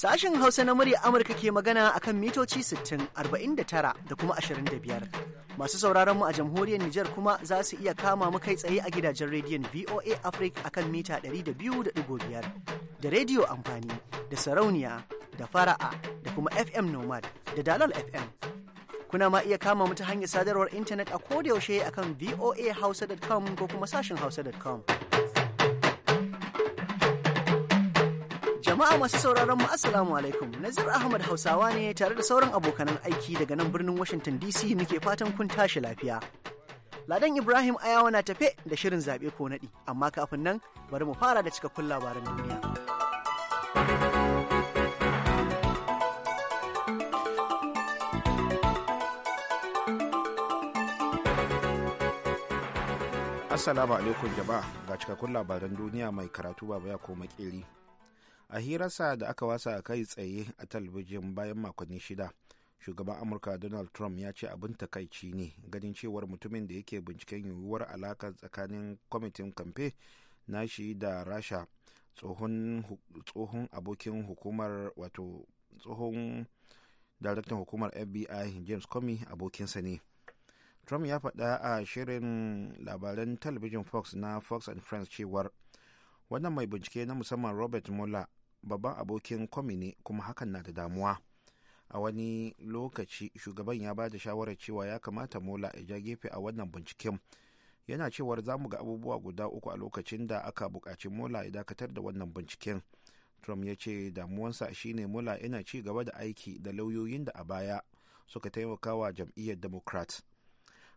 Sashen Hausa na murya Amurka ke magana akan mitoci 60, 49 da kuma 25. Masu sauraron mu a jamhuriyar Nijar kuma za su iya kama mu kai tsaye a gidajen rediyon VOA Africa akan mita 200.5 da rediyo amfani da sarauniya da fara'a da kuma FM Nomad da Dalal FM. Kuna ma iya kama mu ta hanyar sadarwar intanet a kodayaushe akan voahausa.com ko kuma sashen hausa.com. Jama'a masu sauraron mu Assalamu alaikum. Nazir Ahmad Hausawa ne tare da sauran abokanan aiki daga nan birnin Washington DC muke fatan kun tashi lafiya. Ladan Ibrahim Ayawa na tafe da shirin zaɓe ko naɗi, amma kafin nan bari mu fara da cikakkun labaran duniya. Assalamu alaikum jama'a ga cikakkun labaran duniya mai karatu ba ya koma kiri. A hirarsa da aka wasa a kai tsaye a talabijin bayan makonni shida, shugaban Amurka Donald Trump ya ce abin takaici ne ganin cewar mutumin da yake binciken yiwuwar alaka tsakanin kwamitin kamfe na shi da Rasha tsohon abokin hukumar wato tsohon daraktan hukumar FBI James Comey abokinsa ne. trump ya faɗa a shirin labaran talabijin fox na fox and friends cewar wannan mai bincike na musamman robert mueller babban abokin kwami ne kuma hakan na da damuwa a wani lokaci shugaban ya ba da shawarar cewa ya kamata mola ya ja gefe a wannan binciken yana cewar za mu ga abubuwa guda uku a lokacin da aka buƙaci mola ya dakatar da wannan binciken trump ya ce damuwansa shine mola yana ci gaba da aiki da lauyoyin da a baya suka taimaka wa jam'iyyar democrat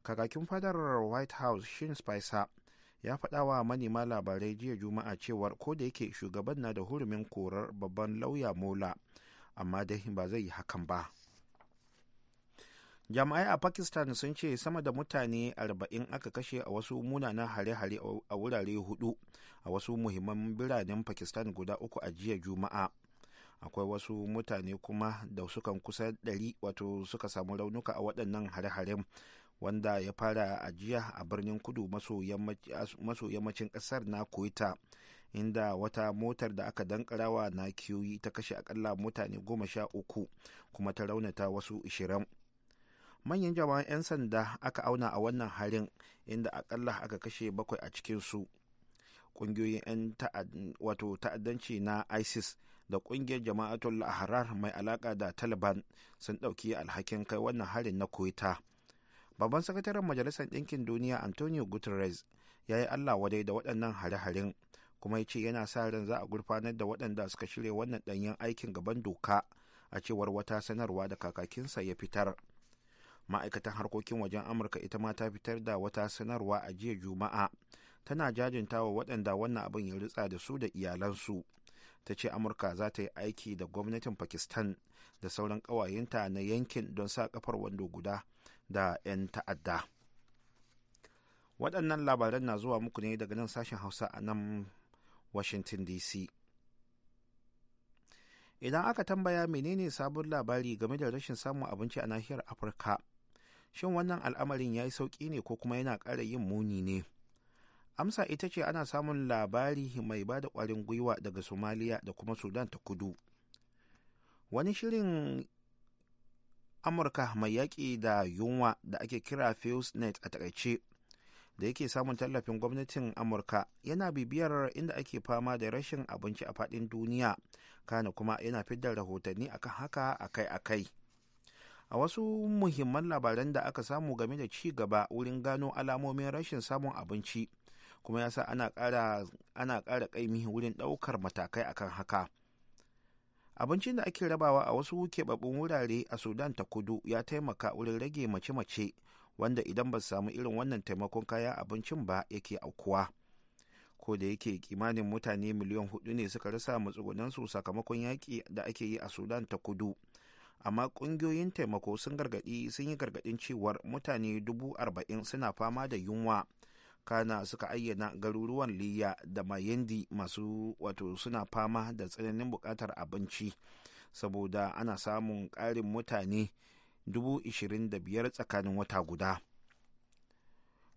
kakakin fadar white house shin spicer ya faɗa wa manema labarai jiya juma'a cewar ko da yake shugaban na da hurumin korar babban lauya mola amma dai ba zai yi hakan ba jami'ai a pakistan sun ce sama da mutane 40 aka kashe a wasu munanan hare-hare a wurare hudu a wasu muhimman biranen pakistan guda uku a jiya juma'a akwai wasu mutane kuma da sukan kusa 100 wato suka samu raunuka a waɗannan hare-haren wanda ya fara a jiya a birnin kudu maso yammacin kasar na koita inda wata motar da aka dankarawa na kiyoyi ta kashe akalla mutane goma sha uku kuma ta raunata wasu ishirin manyan jama'an 'yan sanda aka auna a wannan harin inda akalla aka kashe bakwai a cikinsu ƙungiyoyin 'yan wato ta'addanci na isis da ƙungiyar jama'atul harar mai alaka da taliban sun ɗauki alhakin kai wannan harin na koita babban sakataren majalisar ɗinkin duniya antonio guterres ya yi allah wadai da waɗannan hare-haren kuma ya ce yana sa ran za a gurfanar da waɗanda suka shirya wannan ɗanyen aikin gaban doka a cewar wata sanarwa da kakakinsa ya fitar ma'aikatan harkokin wajen amurka ita ma ta fitar da wata sanarwa a jiya juma'a tana jajintawa waɗanda wannan abin ya ritsa da su da iyalansu ta ce amurka za ta yi aiki da gwamnatin pakistan da sauran ƙawayenta na yankin don sa kafar wando guda da 'yan ta'adda waɗannan labaran na zuwa muku ne daga nan sashen hausa a nan washington dc idan aka tambaya menene sabon labari game da rashin samun abinci a nahiyar afirka shin wannan al'amarin ya yi sauƙi ne ko kuma yana ƙara yin muni ne amsa ita ce ana samun labari mai ba da ƙwarin gwiwa daga somaliya da kuma sudan ta kudu wani shirin amurka mai yaƙi da yunwa da ake kira net a takaice da yake samun tallafin gwamnatin amurka yana bibiyar inda ake fama da rashin abinci a faɗin duniya kana kuma yana fidda rahotanni akan haka akai-akai a wasu muhimman labaran da aka samu game da ci gaba wurin gano alamomin rashin samun abinci kuma ya sa ana ƙara ƙaimi wurin ɗaukar matakai akan haka abincin da ake rabawa a wasu keɓaɓɓun wurare a sudan ta kudu ya taimaka wurin rage mace-mace wanda idan ba samu irin wannan taimakon kaya abincin ba yake aukuwa ko da yake kimanin mutane miliyan hudu ne suka rasa matsugunansu sakamakon yaƙi da ake yi a sudan ta kudu amma ƙungiyoyin taimako sun gargaɗi sun yi gargaɗin cewar mutane dubu arba'in suna fama da yunwa kana suka ayyana garuruwan liya da mayindi masu wato suna fama da tsananin bukatar abinci saboda ana samun ƙarin mutane 25,000 tsakanin wata guda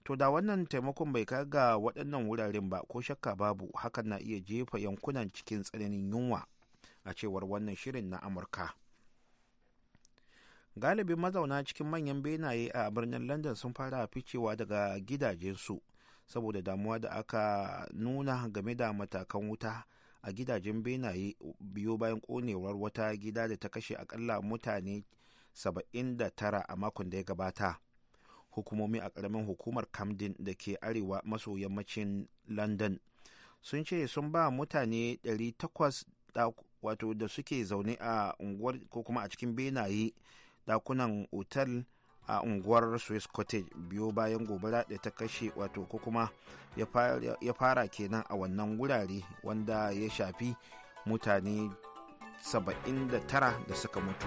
to da wannan taimakon bai kai ga waɗannan wuraren ba ko shakka babu hakan na iya jefa yankunan cikin tsananin yunwa a cewar wannan shirin na amurka galibin mazauna cikin manyan benaye a birnin london sun fara ficewa daga gidajensu saboda damuwa da aka nuna game da matakan wuta a gidajen benaye biyo bayan konewar wata gida da ta kashe akalla mutane 79 a makon da ya gabata hukumomi a karamin hukumar camden da ke arewa maso yammacin london sun ce sun ba mutane 800 wato da suke zaune a unguwar ko kuma a cikin benaye dakunan otal a unguwar swiss cottage biyo bayan gobara da ta kashe wato ko kuma ya fara kenan a wannan wurare wanda ya shafi mutane 79 da suka mutu.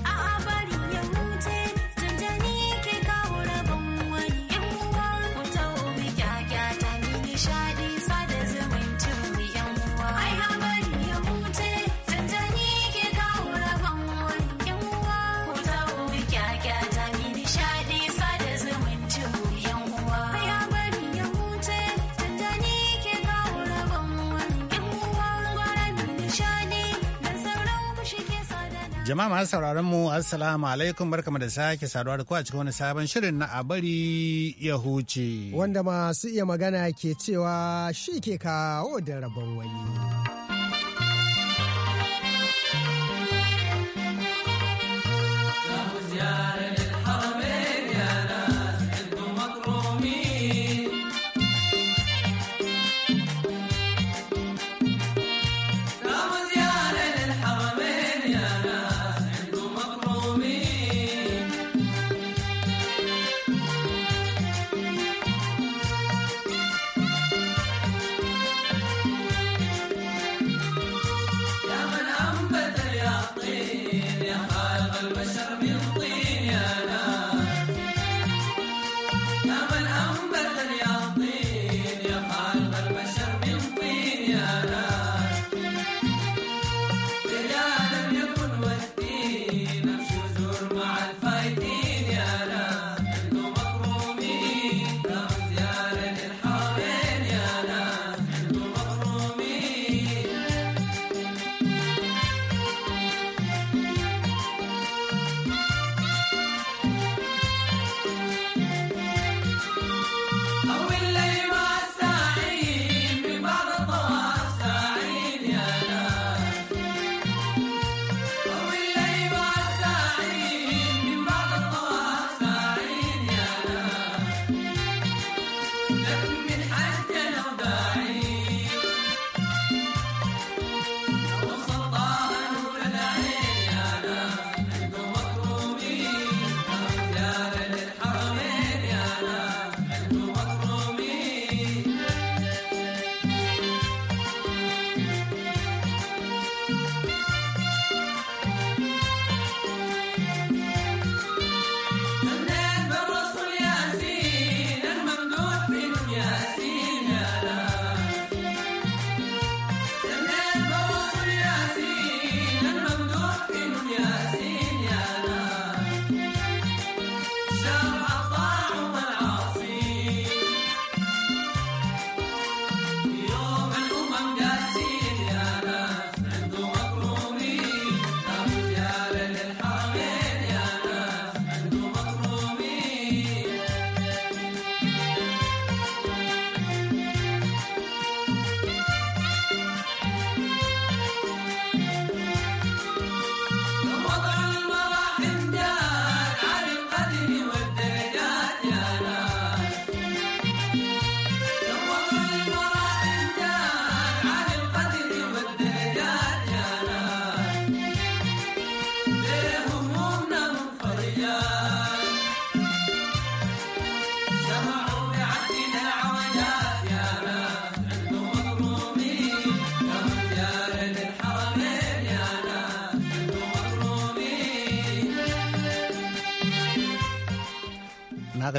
Jama'a masu sauraron mu assalamu alaikum barkamu da sake saduwa da ku a cikin wani sabon shirin na abari ya huce. Wanda masu iya magana ke cewa shi ke kawo da rabon wani.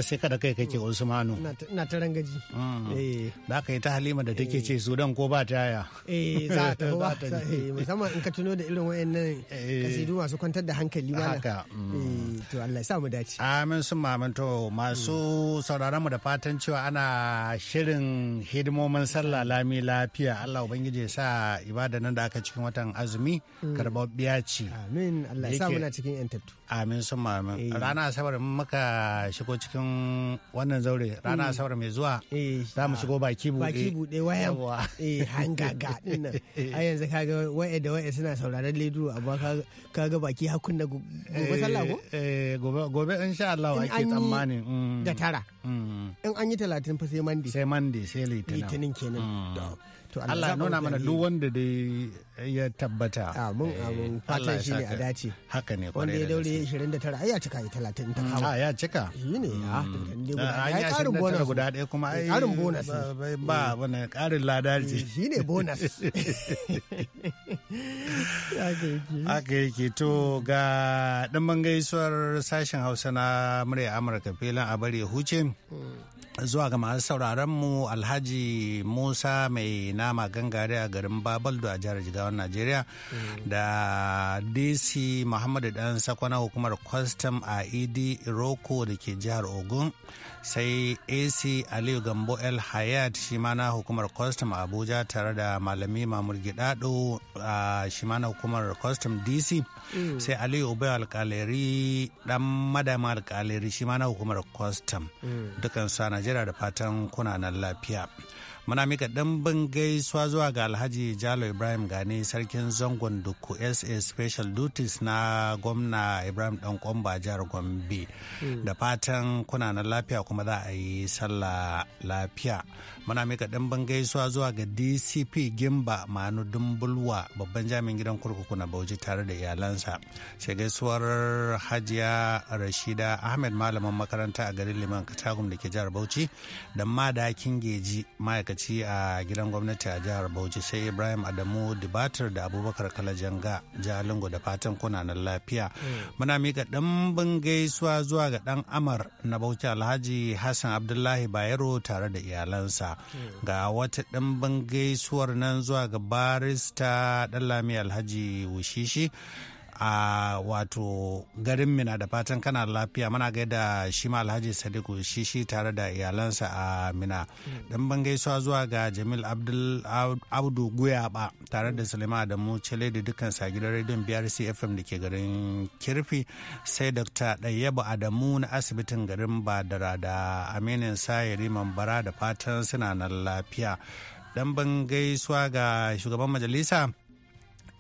sai kada kai kake usmanu na ta rangaji ba ah. eh. ka yi ta halima da take ce eh. sudan ko ba eh, ta yaya za ta ba musamman in ka tuno da irin wayannan kasidu masu kwantar da hankali ba haka mm. to Allah sa mu dace amin sun mamanto masu sauraron mu da fatan cewa ana shirin hidimomin sallah lami lafiya Allah ubangiji ya sa ibada nan da aka cikin watan azumi mm. karbabbiya ce amin Allah ya sa muna cikin yantattu amin sun mamin rana asabar muka shigo cikin wannan zaure rana mm. asabar mai zuwa eh, za mu shigo baki buɗe baki buɗe wayan eh, eh. ga dinnan a yanzu kaga waye da waye suna sauraron leduru amma kaga baki hakun da gobe sallah ko gobe insha Allah ake tsammani da mm. tara mm. in an yi talatin fa sai mande sai mande sai litinin kenan Allah ya nuna mana duk wanda dai ya tabbata. Amin amin eh, fatan shi ne a dace. Haka ne Wanda ya daure 29 ai ya cika ya 30 ta kawo. Ah, ya cika. Shi ne ya. Hmm. Ah, ya karin bonus. Guda ɗaya kuma eh, ai. Karin bonus. Ba wani karin lada eh, Shi ne bonus. Haka yake to ga ɗan bangaisuwar sashen Hausa na murya Amurka filin a bari huce. Hmm. zuwa ga masu sauraron mu alhaji musa mai nama gangare a garin babaldo a jihar jigawar najeriya mm. da dc muhammadu dan sakwana hukumar kwastam a idi e iroko da ke jihar ogun sai ac aliyu gambo el hayat shi ma na hukumar custom abuja tare da malami mamur gidado shi ma na hukumar custom dc mm. sai aliyu ubai alkaleri dan madama alkaleri shi ma na hukumar custom mm. dukansu a najeriya da fatan kuna nan lafiya muna mika ɗimbin gaisuwa zuwa ga alhaji jalo ibrahim gane sarkin zangon duku sa special duties na gwamna ibrahim dan kwamba jihar gombe hmm. da fatan kuna na lafiya kuma za a yi sallah lafiya muna mika ɗimbin gaisuwa zuwa ga dcp gimba manu dumbulwa babban jami'in gidan kurkuku na bauchi tare da iyalansa sai gaisuwar hajiya rashida ahmed malamin makaranta a garin liman katagum da ke jihar bauchi da madakin geji ma'aikata ma'aikaci a gidan gwamnati a jihar Bauchi sai Ibrahim Adamu dibatar da Abubakar Kalajanga Jalingo da fatan kunanan lafiya. Mm. Muna mika ɗimbin gaisuwa zuwa ga ɗan Amar na Bauchi Alhaji Hassan Abdullahi Bayero tare da iyalansa. Mm. Ga wata ɗimbin gaisuwar nan zuwa ga barista lami Alhaji Wushishi. a wato garin mina da fatan kana lafiya mana gaida shi ma alhaji sadiku shi shi tare da iyalansa a mina dan ban gaisuwa zuwa ga jamil abdul abdu guyaba tare da sulaiman adamu cele da dukkan sa gidan rediyon brc fm da ke garin kirfi sai dr ɗayyaba adamu na asibitin garin badara da aminin sayari bara da fatan suna nan lafiya dan ban gaisuwa ga shugaban majalisa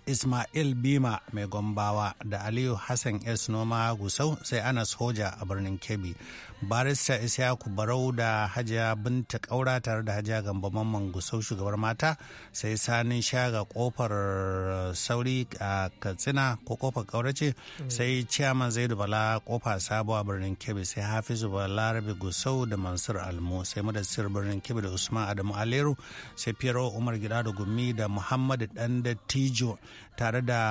Ismail Bima mai gombawa da Aliyu Hassan S. Noma Gusau sai Anas Hoja a birnin Kebbi. barista ku barau da hajiya binta kaura tare da hajiya gamba mamman gusau shugabar mata sai sanin shaga kofar uh, sauri a katsina ko kofar kaurace sai ciyaman zaidu bala kofa sabuwa birnin kebe sai hafizu balarabe gusau da mansur almo sai madassir birnin kebe da usman adamu aleru sai fiyarwa umar gida da gumi da muhammadu dan da tijo tare da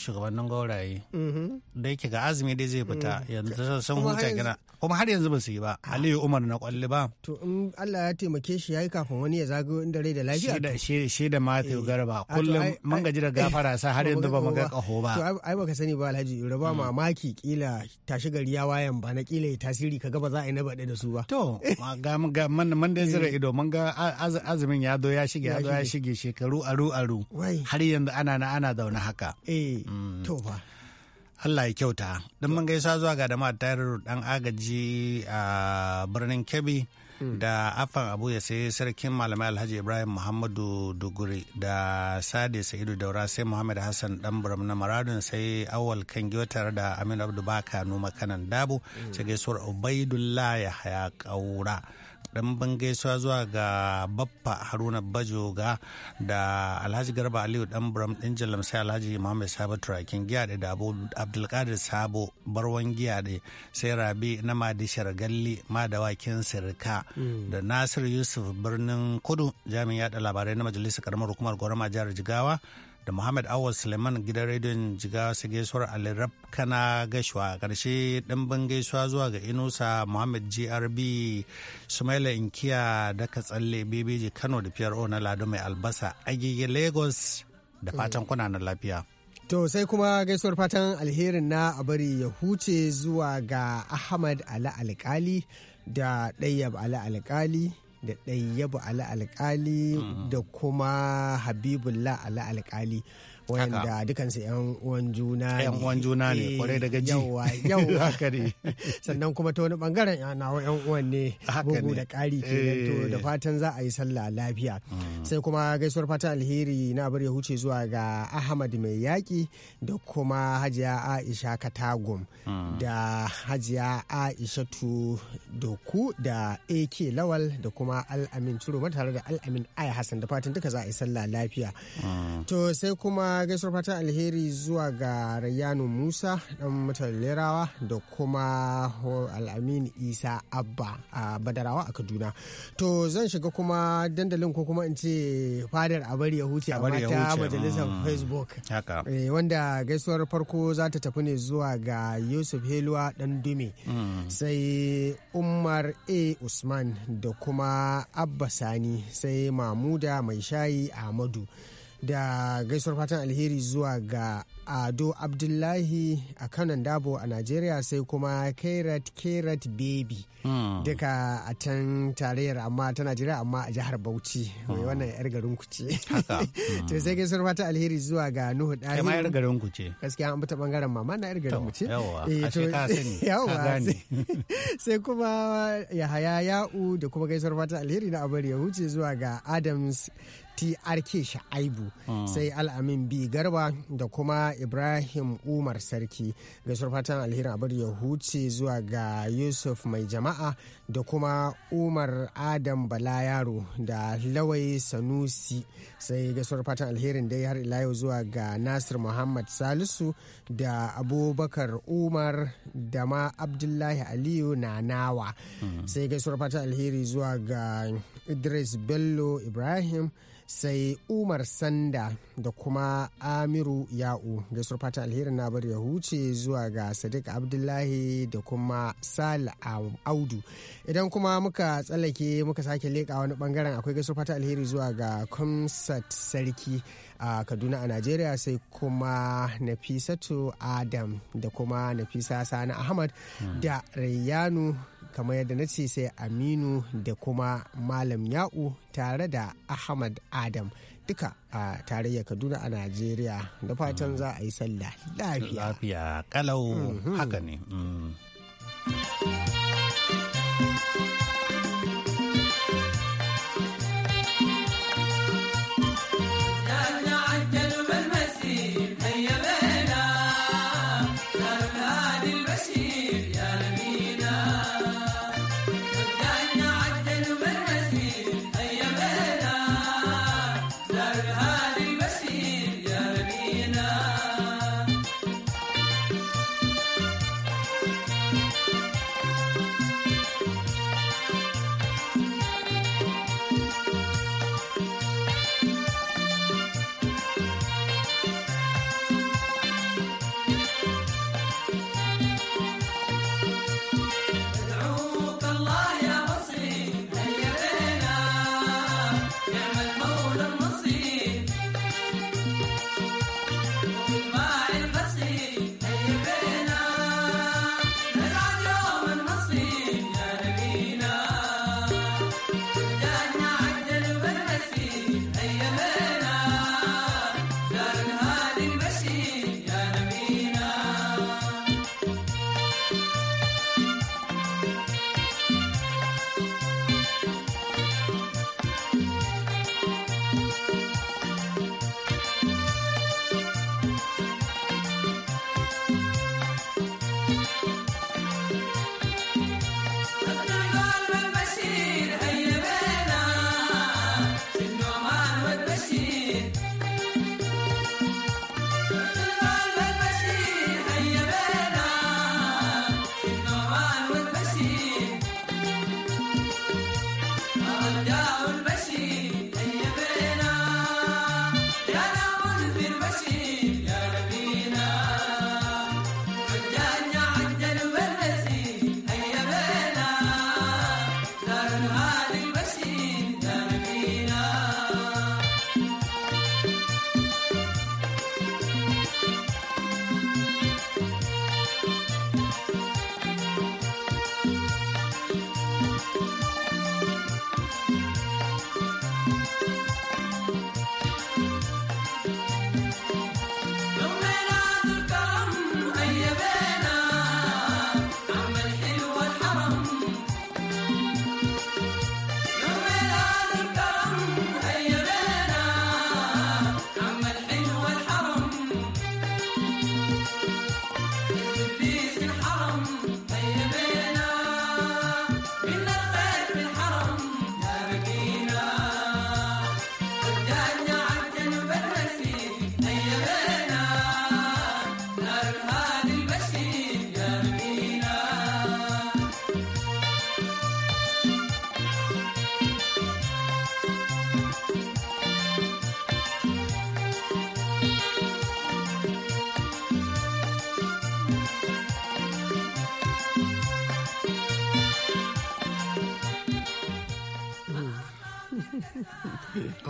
shugabannin gauraye mm-hmm. da yake ga azumi dai zai fita mm-hmm. yanzu sun huta gina kuma har yanzu ba su yi ba ah. aliyu umar na kwalli ba to in allah ya taimake shi ya yi kafin wani ya zago inda rai da lafiya shi da matthew eh. garba ah, kullum mun gaji da gafara sa har yanzu ba mu ga kaho ba to ai baka sani ba alhaji yura ba hmm. mamaki kila tashi gari ya wayan ba na kila tasiri kaga ba za a yi na bade da su ba to ga mun da zira eh. ido mun ga azumin ya zo ya shige ya zo ya shige shekaru aru aru har yanzu ana na ana zaune haka eh hmm. to ba Allah ya kyauta. Don mun gaisa zuwa ga da tayar dan agaji a birnin Kebbi hmm. da afan abu ya sai sarkin malamai alhaji Ibrahim Muhammadu Duguri da Sade Sa'idu Daura sai Muhammad Hassan dan Buram na Maradun sai Awal kan tare da Aminu Abdu Baka Numa Kanan dabu hmm. sai gaisuwar Ubaidullah ya haya kaura. dan ban gaisuwa zuwa ga baffa haruna bajoga da alhaji garba aliyu dan buram ɗin jalam sai alhaji muhammad sabo turakin giya da abdulkadir sabo barwan da sai rabi na madi shargalli madawakin sirka da nasir yusuf birnin kudu jami'in yaɗa labarai na majalisar karamar hukumar gwarama jihar jigawa da Muhammad Awal Suleiman gidan rediyon jiga su gaisuwar Alirab kana a ƙarshe ɗimbin gaisuwa zuwa ga Inusa Muhammad GRB Sumaila Inkiya da Katsalle Bebeji Kano da PRO na Lado Mai Albasa Agege Lagos da fatan kuna na lafiya. To sai kuma gaisuwar fatan alherin na a bari ya huce zuwa ga Ahmad Ali Alkali da Ɗayyab Ali Alkali da ɗayyabu ala alƙali mm-hmm. da kuma habibullah ala alƙali. wayanda dukansu yan uwan juna ne yan uwan juna ne kwarai eh, daga ji. yawa yawa haka ne sannan kuma ta wani bangaren nawa yan uwan ne bugu da ƙari ke to da eh. fatan za a yi sallah lafiya mm. sai kuma gaisuwar fata alheri na bari ya huce zuwa ga Ahmad mai yaƙi da kuma Hajiya Aisha Katagum mm. da Hajiya Aishatu Doku da AK Lawal da kuma Al-Amin Turuma tare da Al-Amin Aya Hassan da fatan duka za a yi sallah lafiya mm. to sai kuma kuma gaisuwar fatan alheri zuwa ga Rayanu Musa dan mutan da kuma Al'amin Isa Abba a Badarawa a Kaduna. To zan shiga kuma dandalin ko kuma in ce fadar a bari ya huce a mata majalisar mm, Facebook. Eh, wanda gaisuwar farko za ta tafi ne zuwa ga Yusuf Heluwa dan Dume. Mm. Sai Umar A. Usman da kuma Abba Sani sai Mamuda Mai Shayi Ahmadu. da gaisuwar fatan alheri zuwa ga ado abdullahi a kanan dabo a najeriya sai kuma kairat kairat baby hmm. duka a can tarayyar amma ta najeriya amma a jihar bauchi mai hmm. wannan yar garin kuce hmm. to sai gaisuwar fatan alheri zuwa ga nuhu dahi kai yar garin kuce gaskiya an buta bangaren mama na yar garin kuce yawa eh, sai kuma yahaya ya'u da kuma gaisuwar fatan alheri na abar ya huce zuwa ga adams trk sha'aibu ah. sai al'amin bi garba da kuma ibrahim umar sarki gaisuwar fatan alherin abin ya huce zuwa ga yusuf mai jama'a da kuma umar adam bala yaro da lawai sanusi sai ga fatan alherin dai har ila yau zuwa ga nasir muhammad salisu da abubakar umar da ma abdullahi aliyu na nawa hmm. sai ga fatan alheri zuwa ga idris bello ibrahim sai umar sanda da kuma amiru ya'u gaisuwar surfata alherin na bari ya huce zuwa ga sadiq abdullahi da kuma sal audu idan kuma muka tsallake muka sake leƙa wani bangaren akwai ga surfata alheri zuwa ga kumsat sarki a kaduna a najeriya sai kuma nafisatu adam da kuma nafisa sani ahmad da rayyanu kamar yadda na ce sai aminu da kuma malam ya'u tare da ahmad adam duka a tarayyar kaduna a najeriya da fatan za a yi sallah lafiya lafiya kalau mhm. haka ne mm.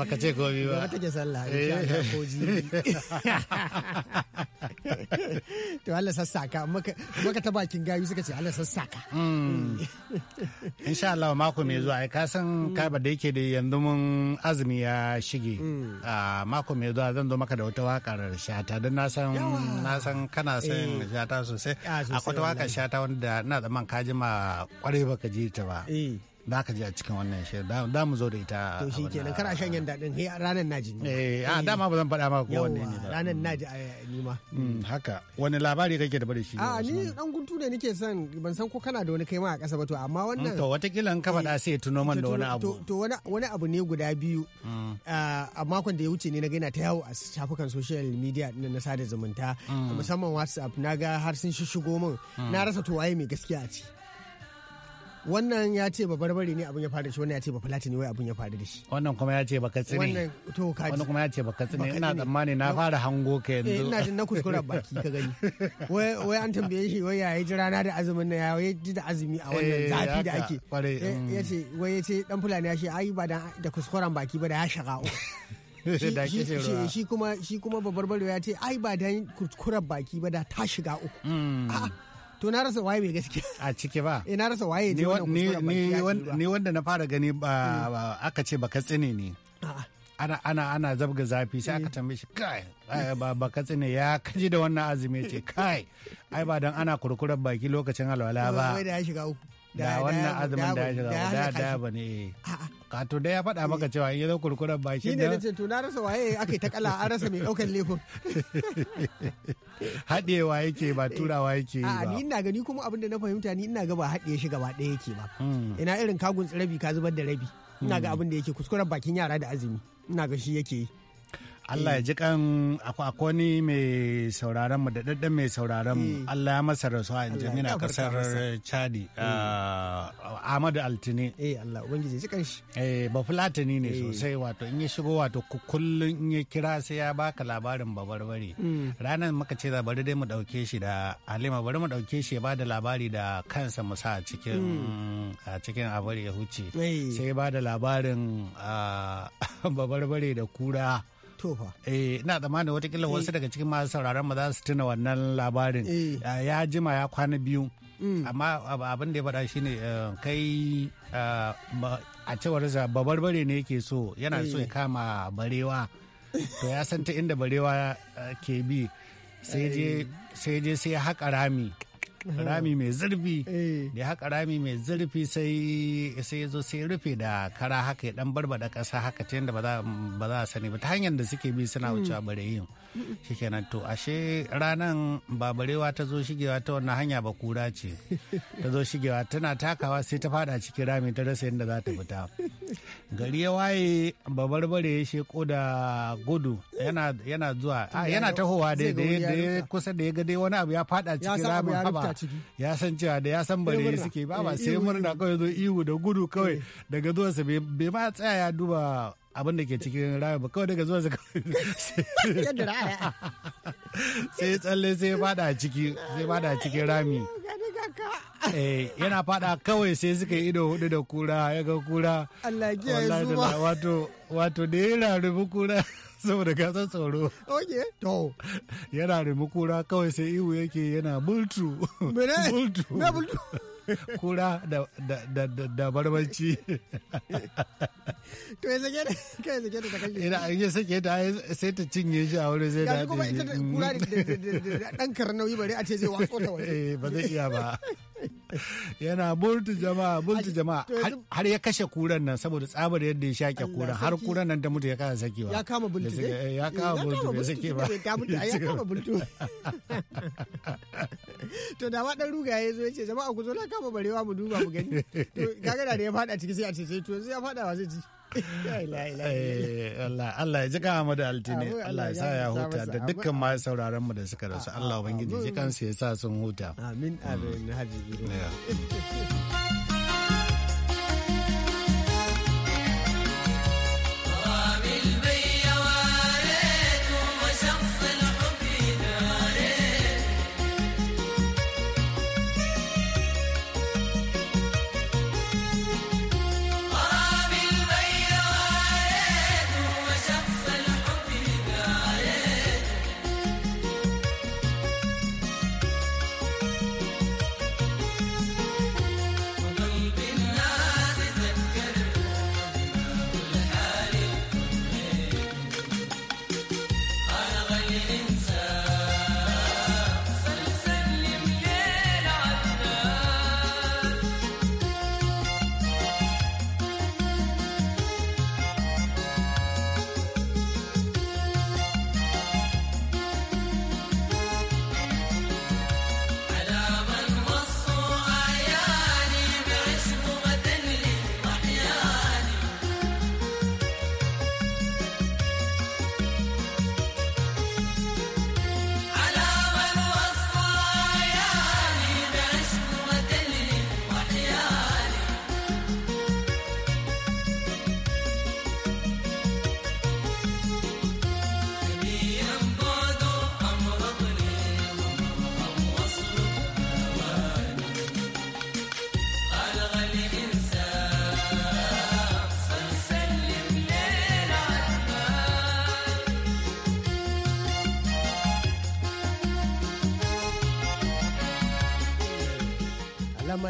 ba ka ce komi ba gaba take sallah insha ko jibi to Allah sassaka maka ta bakin gayu suka ce Allah sassaka hmm. insha Allah mako mai zuwa ka san hmm. ka ba da yake da yanzu mun azumi ya shige hmm. a mako mai zuwa zan zo maka da wata wakar shata dan na san na san kana san eh. shata ah, sosai akwai wata wakar shata wanda na zaman ka jima kwarai baka ji ta ba eh. za ka ji a cikin wannan shirin da mu zo da ita to shi kenan kar a shan yan daɗin He ranar naji eh a eh. dama ba zan faɗa ma ko wanne ne ba ranar naji a eh, ni ma mm, haka wani labari kake da bari shi a ah, ni dan guntu ne nake son ban san ko kana da wani kai ma a ƙasa ba to amma mm, wannan to watakila in ka faɗa sai tuno man da wani abu to wani abu ne guda biyu mm. ah, a makon da ya wuce ne na gaina ta yawo a shafukan social media na sada zumunta musamman whatsapp na ga har sun shishigo min na rasa to waye mai gaskiya a ciki wannan ya ce ba barbare ne abin ya faru da shi wannan ya ce ba fulati ne wai abin ya faru da shi wannan kuma ya ce ba katsi ne wannan kuma ya ce ba katsi ne ina tsammani na fara hango ka eh, yanzu ina jin na kuskura baki ka gani wai an tambaye shi wai yayi ji rana da azumin nan yayi ji da azumi a wannan eh, zafi da ake eh, mm. ya ce wai ya ce dan fulani ya ce ai ba da kuskuren baki ba da ya shaga shi kuma shi kuma babbar ya ce ai ba dan kuskuren baki ba da ta shiga uku mm. ah, to na rasa waye mai gaskiya a ciki ba Ina eh, na rasa waye ne ni wanda na fara gani mm. aka ce baka tsine ne ana ana ana zabga zafi sai aka mm. tambaye shi kai ba baka tsini ya kaji da wannan azumi ce kai ai ba dan ana kurkurar baki lokacin alwala ba wai da ya shiga uku da wannan azumin da ya shiga da da ba ne to da ya faɗa maka eh. cewa in ya zo kurkuren ba shi ne da to na rasa waye ake ta kala an rasa mai ɗaukan lefin haɗewa yake ba eh. turawa yake ba ni ina gani kuma abin da na fahimta ni ina ga ba haɗe shi gaba ɗaya yake ba hmm. ina irin kagun rabi ka zubar da rabi ina ga hmm. abin da yake kuskuren bakin yara da azumi ina ga shi yake yi Allah ya ji kan akwakoni mai sauraron mu da daddan mai sauraron mu eh. Allah ya masa rasuwa in a kasar Chadi eh. ah, Ahmadu Altine eh Allah ubangiji ji kan shi eh ba fulatani ne eh. sosai wato in ya shigo wato kullun in ya kira sai ya baka labarin babarbare hmm. ranar muka ce za bari dai mu dauke shi da Halima bari mu dauke shi ya bada labari da kansa mu sa cikin a cikin hmm. abar ya huce sai ya bada labarin ah, babarbare da kura tofa eh ina tsammanin kila eh. wasu daga cikin masu sauraron mu za su tuna wannan labarin eh. ya jima ya kwana biyu mm. amma abin da ya faɗa shine eh, kai a cewar babbar bare ne yake so yana so ya kama barewa to ya san ta inda barewa ke bi sai je sai haƙa rami rami mai zurfi eh. da haka rami mai zurfi sai sai zo sai rufe da kara haka ya dan barbada kasa haka ta yadda ba za a sani ba ta hanyar da suke bi suna wucewa mm. bareyin shikenan to ashe ranan ba barewa ta zo shigewa ta wannan hanya ba kura ce ta zo shigewa tana takawa sai ta fada cikin rami ta rasa yadda za ta fita gari ya waye babarbare ya sheko da gudu yana zuwa yana tahowa da ya kusa da ya ga dai wani abu ya fada cikin ramin haba ya san cewa da ya san bare suke ba eh, ba sai murna kawai zo ihu da gudu kawai eh. daga zuwansa bai ma tsaya ya duba abin da ke cikin rami ba kawai daga zuwa sai tsalle sai fada ciki sai fada cikin rami eh, yana fada kawai sai suka yi ido hudu da kura ya ga kura wato da ya rarrabu kura saboda ka san tsoro oke to yana da makura kawai sai ihu yake yana bultu bultu na bultu kura da barbanci to ya sake da kai sake da kai ina an ya sake da sai ta cinye shi a wurin sai da kuma ita kura da dan karnauyi bare a ce zai watsota ta waje ba zai iya ba yana burtu jama'a burtu jama'a har ya kashe kuran nan saboda tsabar yadda ya shaƙe kuran har kuran nan da mutu ya kasa sakewa ya kama bultu ya kama bultu ya sake ba ya kama bultu to da ma dan ruga ya zo yace ce jama'a ku zo na kama barewa mu duba mu gani to kaga da ya fada ciki sai a ce sai to sai ya fada wa zai ci Eh, Allah ya ji kama da altine Allah ya sa ya huta da dukkan ma sauraron mu da suka rasu Allah ubangiji ji kansu ya sa sun huta amin amin mm. haji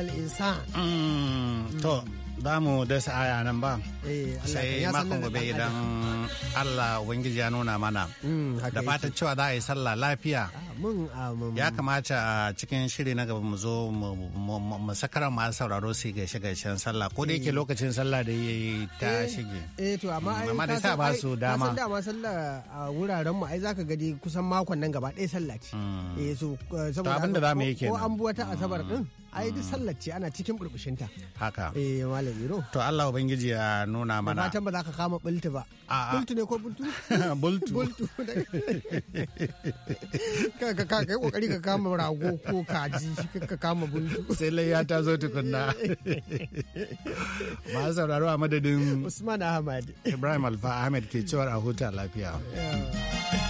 khasiral insan mm. to ba mu dasa aya nan ba eh, sai makon gobe idan Allah Ubangiji ya nuna mana mm, da fatan cewa za a yi sallah lafiya ya kamata a cikin shiri na gaba mu zo mu sakara ma sauraro su gaishe gaishen sallah ko da yake eh. lokacin sallah da ya yi ta eh, shige eh to amma ai mm, da sa ba su dama ma sallah a wuraren mu ai zaka gadi kusan makon nan gaba ɗaya sallah ce eh so saboda abin da yi kenan ko an ta asabar din ai duk sallar ce ana cikin burbushinta haka eh malam iro to Allah ubangiji ya nuna mana fatan ba za ka kama bultu ba bultu ne ko bultu bultu bultu ka ka kai kokari ka kama rago ko kaji ka kama bultu sai layya ta zo tukunna ba sauraro a madadin Usman Ahmad Ibrahim Alfa Ahmed ke cewar a huta lafiya yeah.